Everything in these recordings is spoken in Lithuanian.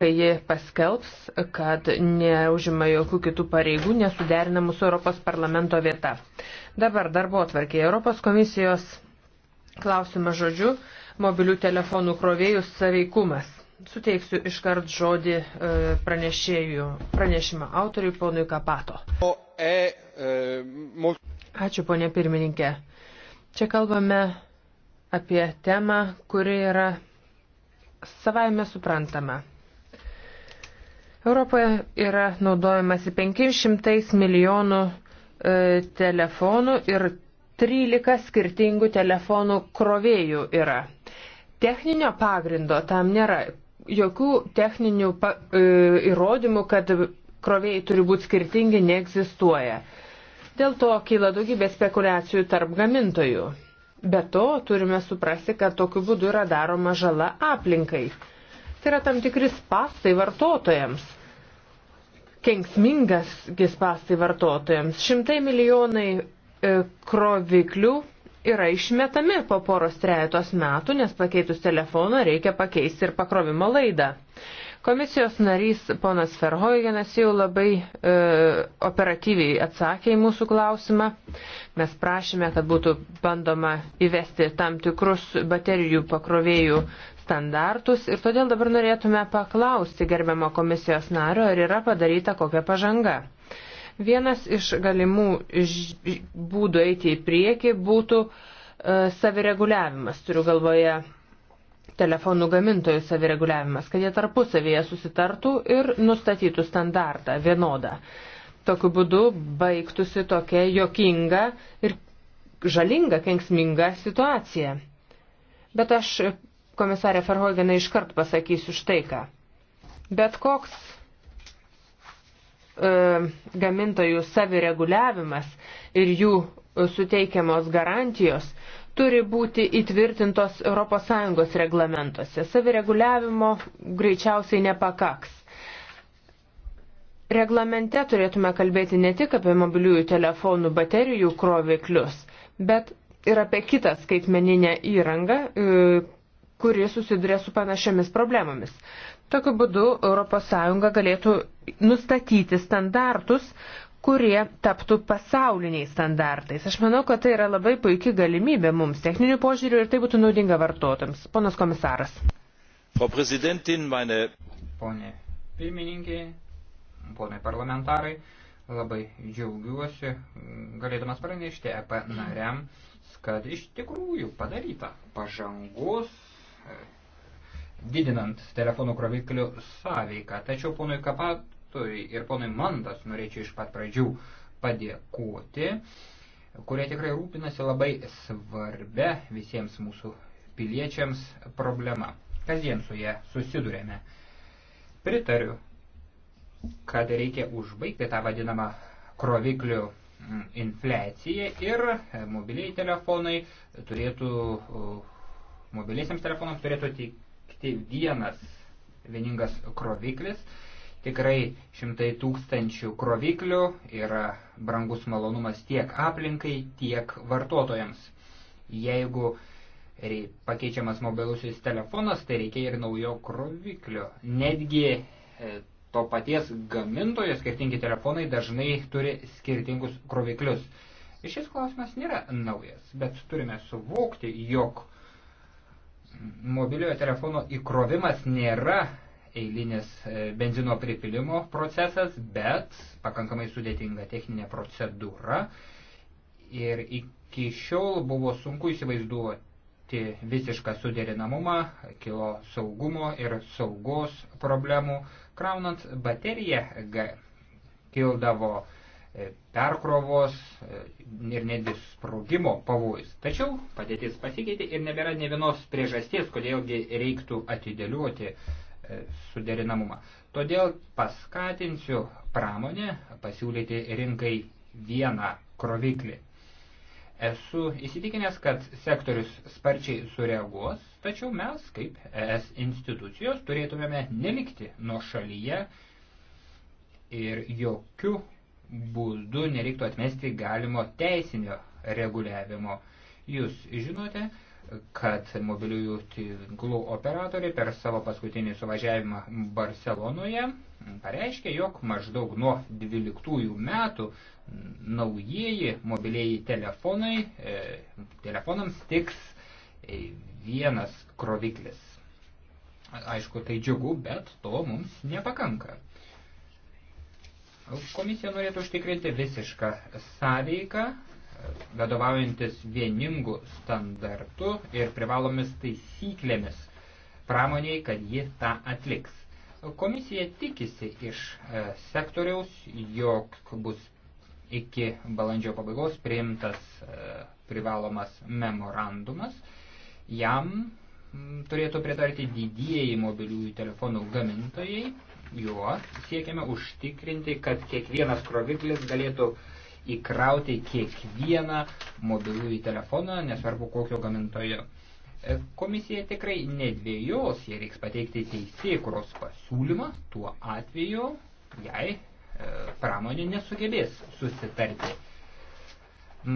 kai ji paskelbs, kad neužima jokių kitų pareigų nesuderinamų su Europos parlamento vieta. Dabar darbo atvarkė Europos komisijos klausimą žodžiu mobilių telefonų krovėjus saveikumas. Suteiksiu iškart žodį e, pranešėjų, pranešimą autoriui ponui Kapato. E, e, Ačiū ponė pirmininkė. Čia kalbame apie temą, kuri yra savaime suprantama. Europoje yra naudojamasi 500 milijonų e, telefonų ir 13 skirtingų telefonų krovėjų yra. Techninio pagrindo tam nėra. Jokių techninių pa, e, įrodymų, kad krovėjai turi būti skirtingi, neegzistuoja. Dėl to kyla daugybė spekulacijų tarp gamintojų. Be to, turime suprasti, kad tokiu būdu yra daroma žala aplinkai. Tai yra tam tikris pastai vartotojams kenksmingasgis pastai vartotojams. Šimtai milijonai e, kroviklių yra išmetami po poros trejetos metų, nes pakeitus telefoną reikia pakeisti ir pakrovimo laidą. Komisijos narys ponas Ferhoigenas jau labai e, operatyviai atsakė į mūsų klausimą. Mes prašėme, kad būtų bandoma įvesti tam tikrus baterijų pakrovėjų standartus ir todėl dabar norėtume paklausti gerbiamo komisijos nario, ar yra padaryta kokia pažanga. Vienas iš galimų būdų eiti į priekį būtų e, savireguliavimas, turiu galvoje telefonų gamintojų savireguliavimas, kad jie tarpusavėje susitartų ir nustatytų standartą vienodą. Tokiu būdu baigtųsi tokia jokinga ir žalinga, kenksminga situacija. Bet aš komisarė Ferhoigena iškart pasakysiu štai ką. Bet koks e, gamintojų savireguliavimas ir jų suteikiamos garantijos turi būti įtvirtintos ES reglamentuose. Savireguliavimo greičiausiai nepakaks. Reglamente turėtume kalbėti ne tik apie mobiliųjų telefonų baterijų kroviklius, bet ir apie kitą skaitmeninę įrangą, e, kuri susiduria su panašiamis problemomis. Tokiu būdu ES galėtų nustatyti standartus, kurie taptų pasauliniais standartais. Aš manau, kad tai yra labai puikia galimybė mums techninių požiūrių ir tai būtų naudinga vartotams. Ponas komisaras. Frau Präsidentin, meine. Pone pirmininkė, ponai parlamentarai, labai džiaugiuosi mm, galėdamas pranešti EP nariams, kad iš tikrųjų padaryta pažangos didinant telefonų kroviklių sąveiką. Tačiau ponui Kapatui ir ponui Mandas norėčiau iš pat pradžių padėkoti, kurie tikrai rūpinasi labai svarbia visiems mūsų piliečiams problema. Kasdien su ją susidurėme. Pritariu, kad reikia užbaigti tą vadinamą kroviklių infliaciją ir mobiliai telefonai turėtų mobiliesiams telefonams turėtų tikti vienas vieningas kroviklis. Tikrai šimtai tūkstančių kroviklių yra brangus malonumas tiek aplinkai, tiek vartotojams. Jeigu pakeičiamas mobilusis telefonas, tai reikia ir naujo kroviklio. Netgi e, to paties gamintojo skirtingi telefonai dažnai turi skirtingus kroviklius. Šis klausimas nėra naujas, bet turime suvokti, jog mobiliojo telefono įkrovimas nėra eilinis e, benzino pripilimo procesas, bet pakankamai sudėtinga techninė procedūra. Ir iki šiol buvo sunku įsivaizduoti visišką suderinamumą, kilo saugumo ir saugos problemų. Kraunant bateriją kildavo E, perkrovos e, ir netgi sprogimo pavojus. Tačiau padėtis pasikeitė ir nebėra ne vienos priežasties, kodėlgi reiktų atidėliuoti e, suderinamumą. Todėl paskatinsiu pramonę pasiūlyti rinkai vieną kroviklį. Esu įsitikinęs, kad sektorius sparčiai sureaguos, tačiau mes, kaip ES institucijos, turėtumėme nelikti nuo šalyje ir jokių būdu nereiktų atmesti galimo teisinio reguliavimo. Jūs žinote, kad mobiliųjų tinklų operatoriai per savo paskutinį suvažiavimą Barcelonoje pareiškė, jog maždaug nuo 12 metų naujieji mobilieji telefonai, e, telefonams tiks vienas kroviklis. Aišku, tai džiugu, bet to mums nepakanka. Komisija norėtų užtikrinti visišką sąveiką, vadovaujantis vieningų standartų ir privalomis taisyklėmis pramoniai, kad ji tą atliks. Komisija tikisi iš e, sektoriaus, jog bus iki balandžio pabaigos priimtas e, privalomas memorandumas. Jam Mm, turėtų pritarti didieji mobiliųjų telefonų gamintojai. Juo siekiame užtikrinti, kad kiekvienas kroviklis galėtų įkrauti kiekvieną mobiliųjų telefoną, nesvarbu kokio gamintojo. E, komisija tikrai nedvėjos, jie reiks pateikti teisėkuros pasiūlymą tuo atveju, jei e, pramonė nesugebės susitarti.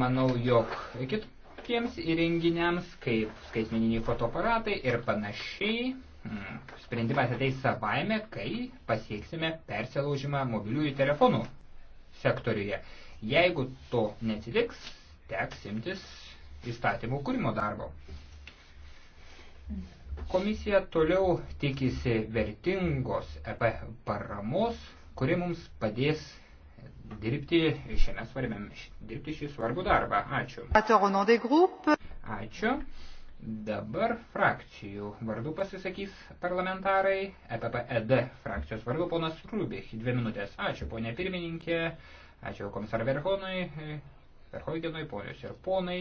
Manau, jog kit, tokiems įrenginiams kaip skaitmeniniai fotoaparatai ir panašiai. Hmm, Sprendimas ateis savaime, kai pasieksime persilaužimą mobiliųjų telefonų sektoriuje. Jeigu to neatsitiks, teks imtis įstatymų kūrimo darbo. Komisija toliau tikisi vertingos EP paramos, kuri mums padės dirbti šiame svarbiam, dirbti šį svarbų darbą. Ačiū. Ačiū. Dabar frakcijų vardų pasisakys parlamentarai. EPPED frakcijos vardu ponas Rubik. Dvi minutės. Ačiū ponė pirmininkė. Ačiū komisar Verhonui, Verhoigenui, ponios ir ponai.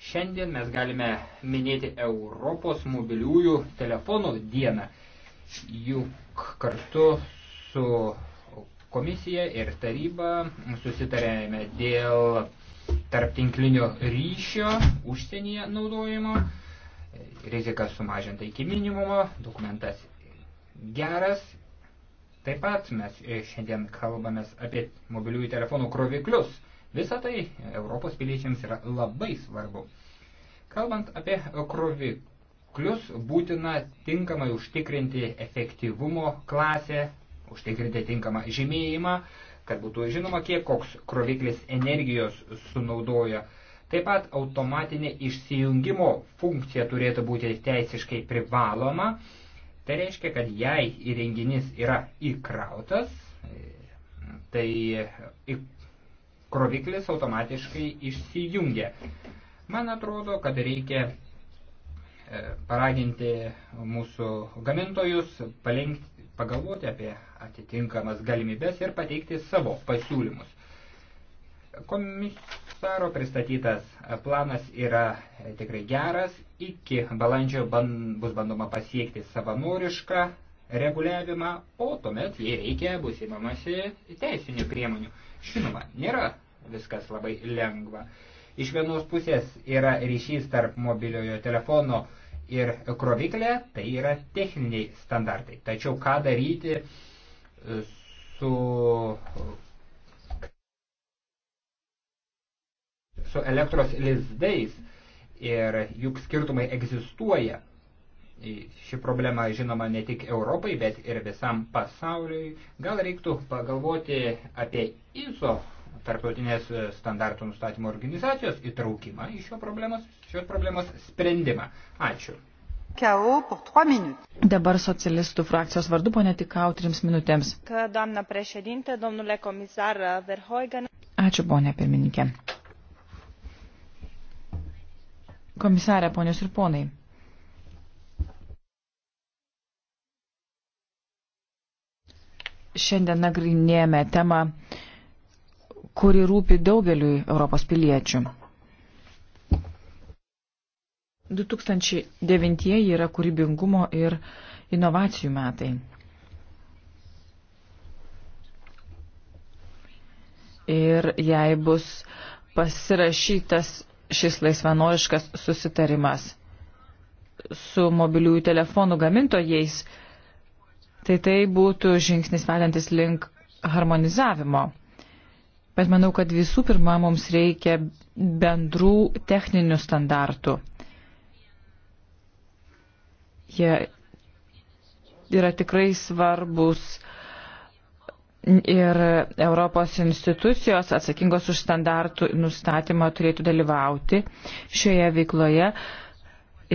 Šiandien mes galime minėti Europos mobiliųjų telefonų dieną. Juk kartu su Komisija ir taryba susitarėme dėl tarptinklinio ryšio užsienyje naudojimo, rizika sumažinta iki minimumo, dokumentas geras. Taip pat mes šiandien kalbame apie mobiliųjų telefonų kroviklius. Visa tai Europos piliečiams yra labai svarbu. Kalbant apie kroviklius, būtina tinkamai užtikrinti efektyvumo klasę, užtikrinti tinkamą žymėjimą, kad būtų žinoma, kiek koks kroviklis energijos sunaudoja. Taip pat automatinė išsijungimo funkcija turėtų būti teisiškai privaloma. Tai reiškia, kad jei įrenginys yra įkrautas, tai kroviklis automatiškai išsijungia. Man atrodo, kad reikia e, paraginti mūsų gamintojus, pagalvoti apie atitinkamas galimybės ir pateikti savo pasiūlymus. Komisaro pristatytas planas yra tikrai geras. Iki balandžio ban, bus bandoma pasiekti savanorišką reguliavimą, o tuomet, jei reikia, bus įmamasi teisinių priemonių. Žinoma, nėra viskas labai lengva. Iš vienos pusės yra ryšys tarp mobiliojo telefono uh, ir kroviklė, tai yra techniniai standartai. Tačiau ką daryti e, su, su elektros lizdais ir juk skirtumai egzistuoja. E, ši problema žinoma ne tik Europai, bet ir visam pasauliui. Gal reiktų pagalvoti apie ISO tarptautinės standartų nustatymo organizacijos įtraukimą į šio problemos, šios problemos sprendimą. Ačiū. Dabar socialistų frakcijos vardu, ponė Tikau, trims minutėms. Ačiū, ponė pirmininkė. Komisarė, ponios ir ponai. Šiandien nagrinėjame temą, kuri rūpi daugeliui Europos piliečių. 2009 yra kūrybingumo ir inovacijų metai. Ir jei bus pasirašytas šis laisvanoriškas susitarimas su mobiliųjų telefonų gamintojais, tai tai būtų žingsnis vedantis link harmonizavimo. Bet manau, kad visų pirma mums reikia bendrų techninių standartų Jie yra tikrai svarbus ir Europos institucijos atsakingos už standartų nustatymą turėtų dalyvauti šioje veikloje.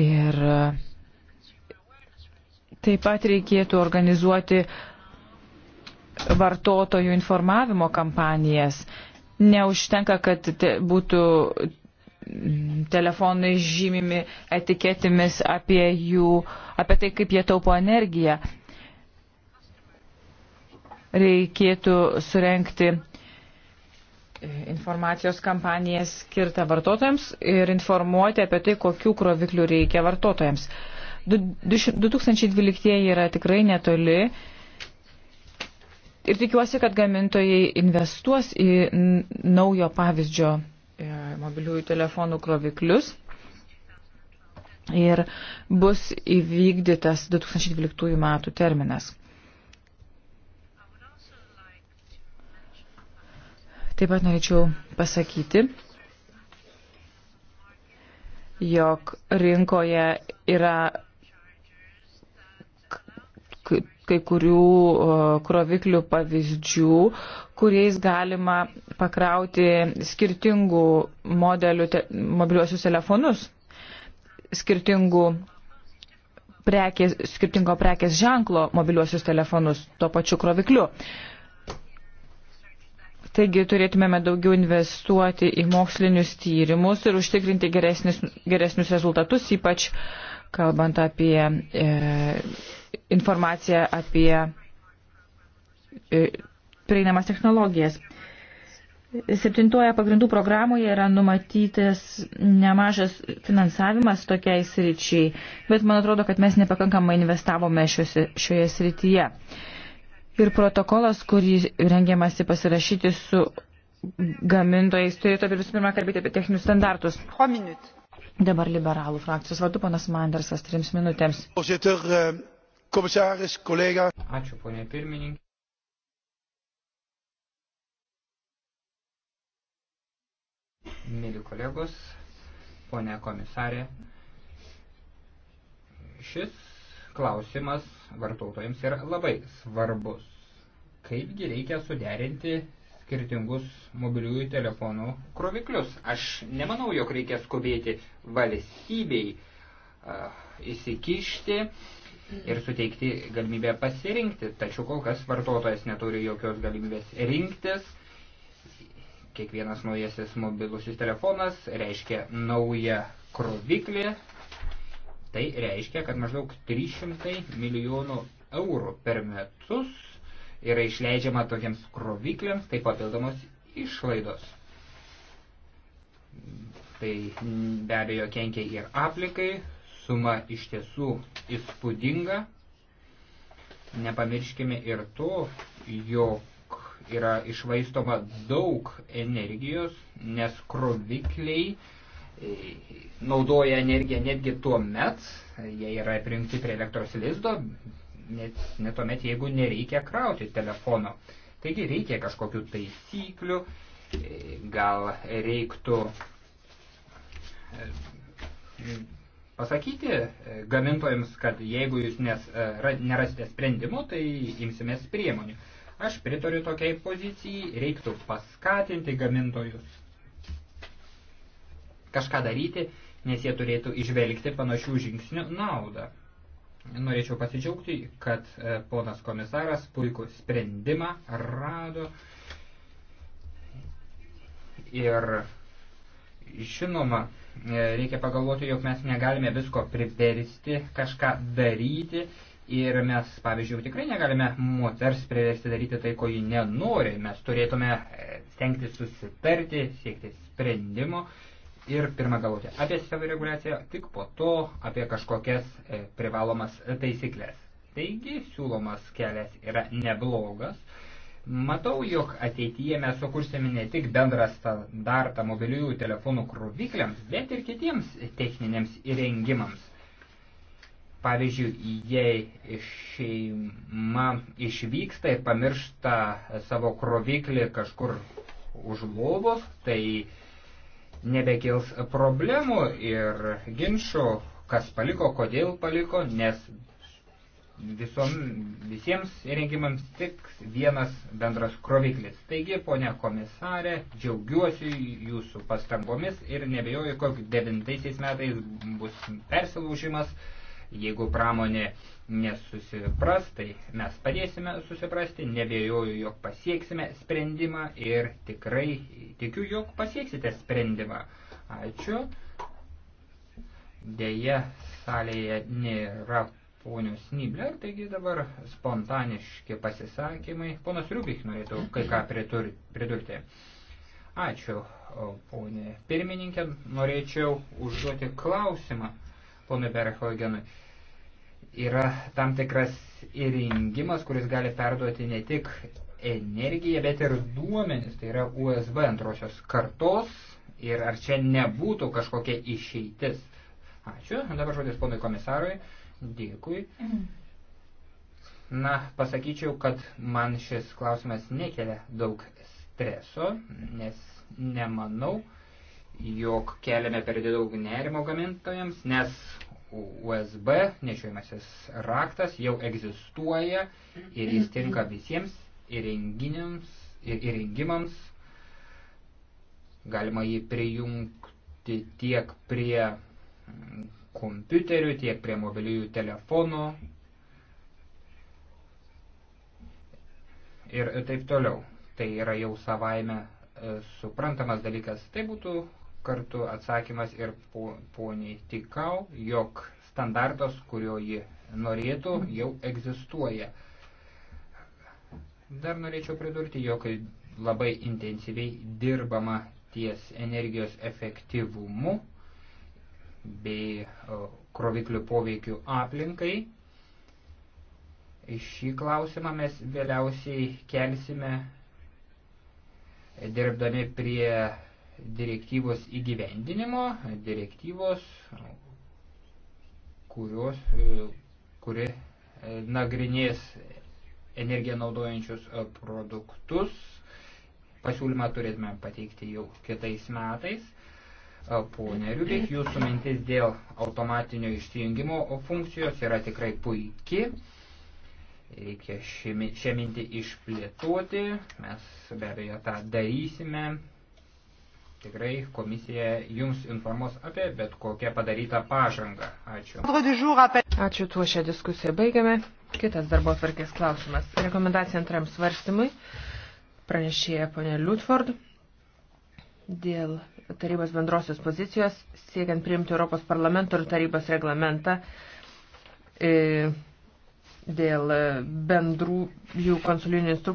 Ir taip pat reikėtų organizuoti vartotojų informavimo kampanijas. Neužtenka, kad būtų telefonai žymimi etiketėmis apie jų, apie tai, kaip jie taupo energiją. Reikėtų surenkti informacijos kampaniją skirtą vartotojams ir informuoti apie tai, kokių kroviklių reikia vartotojams. 2012 yra tikrai netoli ir tikiuosi, kad gamintojai investuos į naujo pavyzdžio E, mobiliųjų telefonų kroviklius ir bus įvykdytas 2012 metų terminas. Taip pat norėčiau pasakyti, jog rinkoje yra kai kurių e, kroviklių pavyzdžių, kuriais galima pakrauti skirtingų modelių te, mobiliuosius telefonus, skirtingų prekės, skirtingo prekės ženklo mobiliuosius telefonus tuo pačiu krovikliu. Taigi turėtumėme daugiau investuoti į mokslinius tyrimus ir užtikrinti geresnis, geresnius rezultatus, ypač kalbant apie e, informaciją apie e, prieinamas technologijas. Septintoje pagrindų programoje yra numatytas nemažas finansavimas tokiai sričiai, bet man atrodo, kad mes nepakankamai investavome šiose, šioje srityje. Ir protokolas, kurį rengiamasi pasirašyti su gamintojais, turėtų visų pirma kalbėti apie techninius standartus. Dabar liberalų frakcijos vadu, ponas Mandersas, trims minutėms. Voorzitter, eh, Komisaris, kolega. Ačiū, ponė pirmininkė. Mėly kolegos, ponė komisarė, šis klausimas vartotojams yra labai svarbus. Kaipgi reikia suderinti skirtingus mobiliųjų telefonų kroviklius? Aš nemanau, jog reikia skubėti valstybei uh, įsikišti. Uh, ir suteikti galimybę pasirinkti. Tačiau kol kas vartotojas neturi jokios galimybės rinktis. Kiekvienas naujasis mobilusis telefonas reiškia naują kroviklį. Tai reiškia, kad maždaug 300 milijonų eurų per metus yra išleidžiama tokiems krovikliams, tai papildomos išlaidos. Tai be abejo kenkia ir aplikai, suma iš tiesų įspūdinga. Nepamirškime ir to, jog yra išvaistoma daug energijos, nes krovikliai e, naudoja energiją netgi tuo met, jie yra prijungti prie elektros lizdo, net, net tuomet, jeigu nereikia krauti telefono. Taigi reikia kažkokių taisyklių, e, gal reiktų e, pasakyti e, gamintojams, kad jeigu jūs nes, e, nerasite sprendimo, tai imsimės priemonių. Aš pritariu tokiai pozicijai, reiktų paskatinti gamintojus kažką daryti, nes jie turėtų išvelgti panašių žingsnių naudą. Norėčiau pasidžiaugti, kad e, ponas komisaras puikų sprendimą rado ir Žinoma, e, reikia pagalvoti, jog mes negalime visko priversti kažką daryti ir mes, pavyzdžiui, tikrai negalime moters priversti daryti tai, ko ji nenori. Mes turėtume e, stengti susitarti, siekti sprendimo ir pirmą galvoti apie savireguliaciją, tik po to apie kažkokias e, privalomas taisyklės. Taigi siūlomas kelias yra neblogas Matau, jog ateityje mes sukursime ne tik bendrą standartą mobiliųjų telefonų krovikliams, bet ir kitiems techniniams įrengimams. Pavyzdžiui, jei šeima išvyksta ir pamiršta savo kroviklį kažkur už lovos, tai nebekils problemų ir ginčių, kas paliko, kodėl paliko, nes visom, visiems įrengimams tik vienas bendras kroviklis. Taigi, ponia komisarė, džiaugiuosi jūsų pastangomis ir nebejoju, kokiu devintaisiais metais bus persilūžimas. Jeigu pramonė nesusipras, tai mes padėsime susiprasti, nebejoju, jog pasieksime sprendimą ir tikrai tikiu, jog pasieksite sprendimą. Ačiū. Deja, salėje nėra ponios Nibler, taigi dabar spontaniški pasisakymai. Ponas Riubik norėtų kai ką pridurti. Ačiū, ponė pirmininkė. Norėčiau užduoti klausimą ponui Berhogenui. Yra tam tikras įrengimas, kuris gali perduoti ne tik energiją, bet ir duomenis, tai yra USB antrosios kartos. Ir ar čia nebūtų kažkokia išeitis? Ačiū. Dabar žodis ponui komisarui. Uh, Dėkui. Mhm. Na, pasakyčiau, kad man šis klausimas nekelia daug streso, nes nemanau, jog keliame per daug nerimo gamintojams, nes USB nešiojimasis raktas jau egzistuoja ir jis tinka visiems įrenginiams ir įrengimams. Galima jį prijungti tiek prie kompiuterių, tiek prie mobiliųjų telefonų ir taip toliau. Tai yra jau savaime e, suprantamas dalykas. Tai būtų kartu atsakymas ir po, poniai Tikau, jog standartas, kurio ji norėtų, jau egzistuoja. Dar norėčiau pridurti, jog labai intensyviai dirbama ties energijos efektyvumu bei kroviklių poveikių aplinkai. Šį klausimą mes vėliausiai kelsime dirbdami prie direktyvos įgyvendinimo, direktyvos, kurios, kuri e, nagrinės energiją naudojančius e, produktus. Pasiūlymą turėtume pateikti jau kitais metais. Pone Riubik, jūsų mintis dėl automatinio išsijungimo funkcijos yra tikrai puiki. Reikia šią mintį išplėtoti. Mes be abejo tą darysime. Tikrai komisija jums informuos apie bet kokią padarytą pažangą. Ačiū. Ačiū tuo šią diskusiją. Baigiame. Kitas darbo tvarkės klausimas. Rekomendacija antram svarstymui. Pranešėja ponė Liutford dėl tarybos bendrosios pozicijos, siekiant priimti Europos parlamento ir tarybos reglamentą e, dėl bendrų jų konsulinių instrukcijų.